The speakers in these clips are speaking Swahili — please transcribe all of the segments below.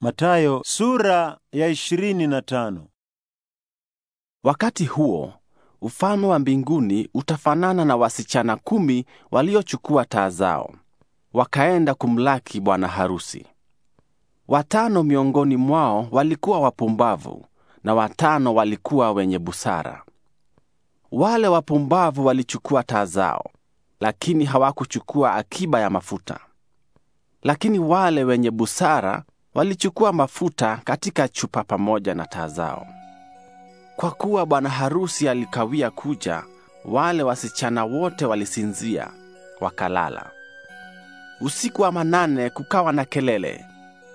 Matayo sura ya 25. Wakati huo ufalme wa mbinguni utafanana na wasichana kumi waliochukua taa zao wakaenda kumlaki bwana harusi. Watano miongoni mwao walikuwa wapumbavu na watano walikuwa wenye busara. Wale wapumbavu walichukua taa zao, lakini hawakuchukua akiba ya mafuta. Lakini wale wenye busara Walichukua mafuta katika chupa pamoja na taa zao. Kwa kuwa bwana harusi alikawia kuja, wale wasichana wote walisinzia wakalala. Usiku wa manane kukawa na kelele,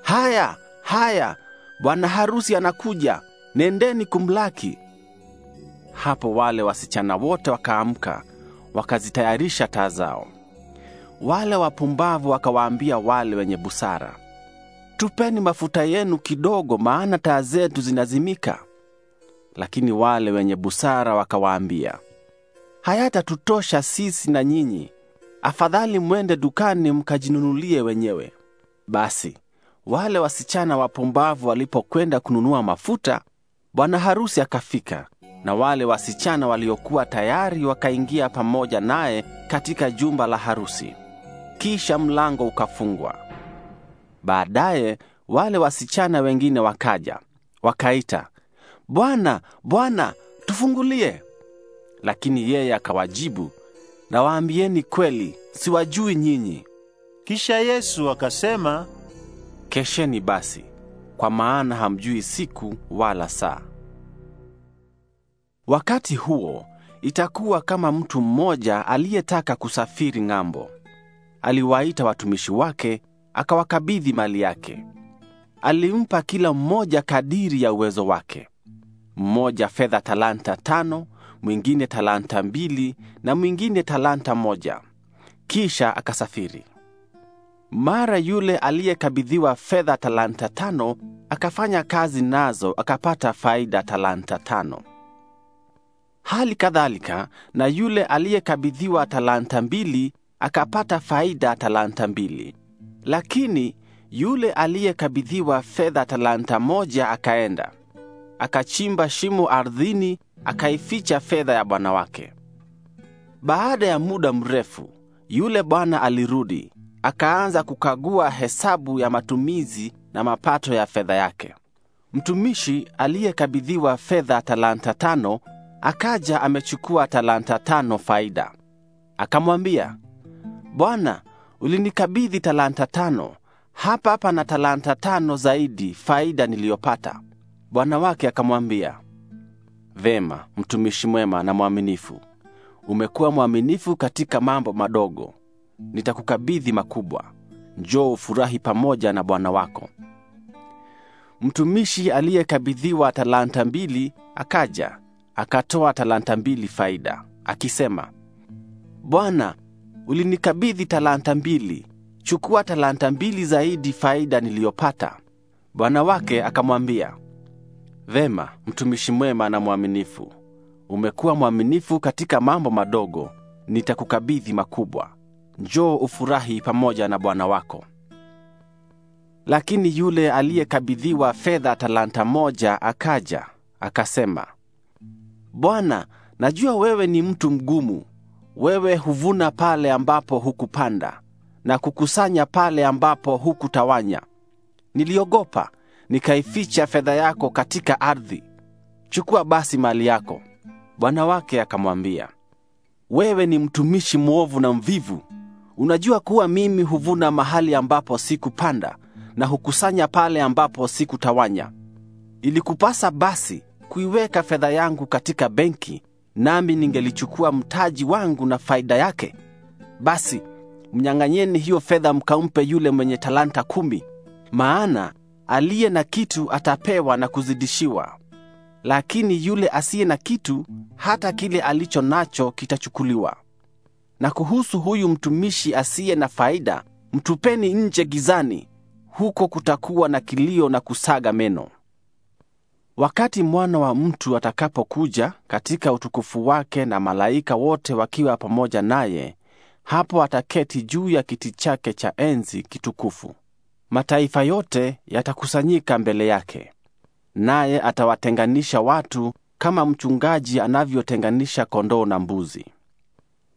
haya haya, bwana harusi anakuja, nendeni kumlaki. Hapo wale wasichana wote wakaamka, wakazitayarisha taa zao. Wale wapumbavu wakawaambia wale wenye busara, tupeni mafuta yenu kidogo, maana taa zetu zinazimika. Lakini wale wenye busara wakawaambia, hayatatutosha sisi na nyinyi, afadhali mwende dukani mkajinunulie wenyewe. Basi wale wasichana wapumbavu walipokwenda kununua mafuta, bwana harusi akafika, na wale wasichana waliokuwa tayari wakaingia pamoja naye katika jumba la harusi. Kisha mlango ukafungwa. Baadaye wale wasichana wengine wakaja, wakaita, Bwana, Bwana, tufungulie. Lakini yeye akawajibu, nawaambieni kweli, siwajui nyinyi. Kisha Yesu akasema, kesheni basi, kwa maana hamjui siku wala saa. Wakati huo itakuwa kama mtu mmoja aliyetaka kusafiri ng'ambo. Aliwaita watumishi wake akawakabidhi mali yake. Alimpa kila mmoja kadiri ya uwezo wake, mmoja fedha talanta tano, mwingine talanta mbili na mwingine talanta moja. Kisha akasafiri. Mara yule aliyekabidhiwa fedha talanta tano akafanya kazi nazo, akapata faida talanta tano. Hali kadhalika na yule aliyekabidhiwa talanta mbili akapata faida talanta mbili. Lakini yule aliyekabidhiwa fedha talanta moja akaenda akachimba shimo ardhini, akaificha fedha ya bwana wake. Baada ya muda mrefu, yule bwana alirudi, akaanza kukagua hesabu ya matumizi na mapato ya fedha yake. Mtumishi aliyekabidhiwa fedha talanta tano akaja amechukua talanta tano faida. Akamwambia, Bwana, ulinikabidhi talanta tano, hapa pana talanta tano zaidi, faida niliyopata. Bwana wake akamwambia, vema, mtumishi mwema na mwaminifu, umekuwa mwaminifu katika mambo madogo, nitakukabidhi makubwa. Njoo ufurahi pamoja na bwana wako. Mtumishi aliyekabidhiwa talanta mbili akaja akatoa talanta mbili faida, akisema, Bwana, ulinikabidhi talanta mbili, chukua talanta mbili zaidi faida niliyopata. Bwana wake akamwambia, vema, mtumishi mwema na mwaminifu, umekuwa mwaminifu katika mambo madogo, nitakukabidhi makubwa. Njoo ufurahi pamoja na bwana wako. Lakini yule aliyekabidhiwa fedha talanta moja akaja akasema, Bwana, najua wewe ni mtu mgumu wewe huvuna pale ambapo hukupanda na kukusanya pale ambapo hukutawanya. Niliogopa, nikaificha fedha yako katika ardhi. Chukua basi mali yako. Bwana wake akamwambia, wewe ni mtumishi mwovu na mvivu. Unajua kuwa mimi huvuna mahali ambapo sikupanda na hukusanya pale ambapo sikutawanya. Ilikupasa basi kuiweka fedha yangu katika benki nami ningelichukua mtaji wangu na faida yake. Basi mnyang'anyeni hiyo fedha, mkampe yule mwenye talanta kumi, maana aliye na kitu atapewa na kuzidishiwa, lakini yule asiye na kitu, hata kile alicho nacho kitachukuliwa. Na kuhusu huyu mtumishi asiye na faida, mtupeni nje gizani, huko kutakuwa na kilio na kusaga meno wakati mwana wa mtu atakapokuja katika utukufu wake na malaika wote wakiwa pamoja naye, hapo ataketi juu ya kiti chake cha enzi kitukufu. Mataifa yote yatakusanyika mbele yake, naye atawatenganisha watu kama mchungaji anavyotenganisha kondoo na mbuzi.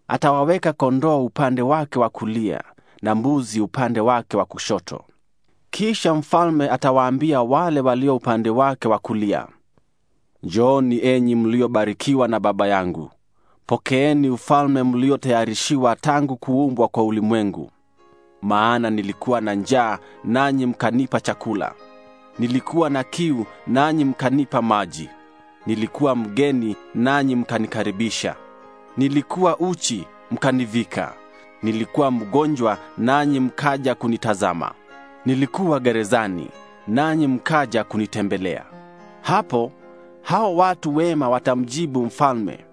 Atawaweka kondoo upande wake wa kulia na mbuzi upande wake wa kushoto. Kisha mfalme atawaambia wale walio upande wake wa kulia, Njooni enyi mliobarikiwa na Baba yangu, pokeeni ufalme mliotayarishiwa tangu kuumbwa kwa ulimwengu. Maana nilikuwa na njaa, nanyi mkanipa chakula; nilikuwa na kiu, nanyi mkanipa maji; nilikuwa mgeni, nanyi mkanikaribisha; nilikuwa uchi, mkanivika; nilikuwa mgonjwa, nanyi mkaja kunitazama nilikuwa gerezani, nanyi mkaja kunitembelea. Hapo hao watu wema watamjibu mfalme,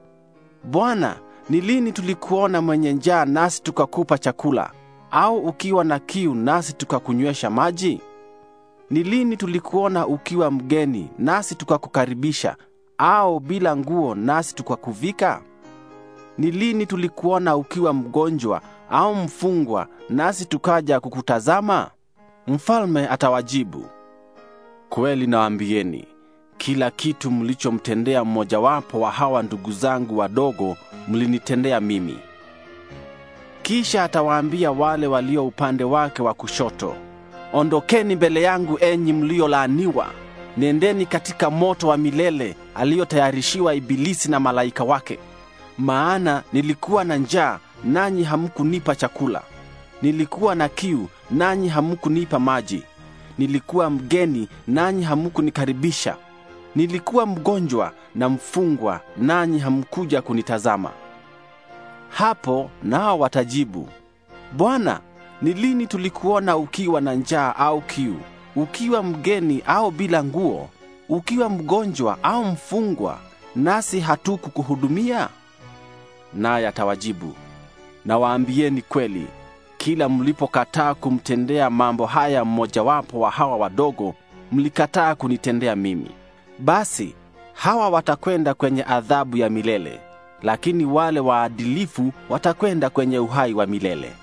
Bwana, ni lini tulikuona mwenye njaa nasi tukakupa chakula, au ukiwa na kiu nasi tukakunywesha maji? Ni lini tulikuona ukiwa mgeni nasi tukakukaribisha, au bila nguo nasi tukakuvika? Ni lini tulikuona ukiwa mgonjwa au mfungwa nasi tukaja kukutazama? Mfalme atawajibu, kweli nawaambieni, kila kitu mlichomtendea mmojawapo wa hawa ndugu zangu wadogo mlinitendea mimi. Kisha atawaambia wale walio upande wake wa kushoto, ondokeni mbele yangu, enyi mliolaaniwa, nendeni katika moto wa milele aliyotayarishiwa Ibilisi na malaika wake. Maana nilikuwa na njaa, nanyi hamkunipa chakula, nilikuwa na kiu nanyi hamukunipa maji. Nilikuwa mgeni, nanyi hamukunikaribisha. Nilikuwa mgonjwa na mfungwa, nanyi hamkuja kunitazama. Hapo nao watajibu, Bwana, ni lini tulikuona ukiwa na njaa au kiu, ukiwa mgeni au bila nguo, ukiwa mgonjwa au mfungwa, nasi hatukukuhudumia? Naye atawajibu, nawaambieni kweli kila mlipokataa kumtendea mambo haya mmojawapo wa hawa wadogo, mlikataa kunitendea mimi. Basi hawa watakwenda kwenye adhabu ya milele, lakini wale waadilifu watakwenda kwenye uhai wa milele.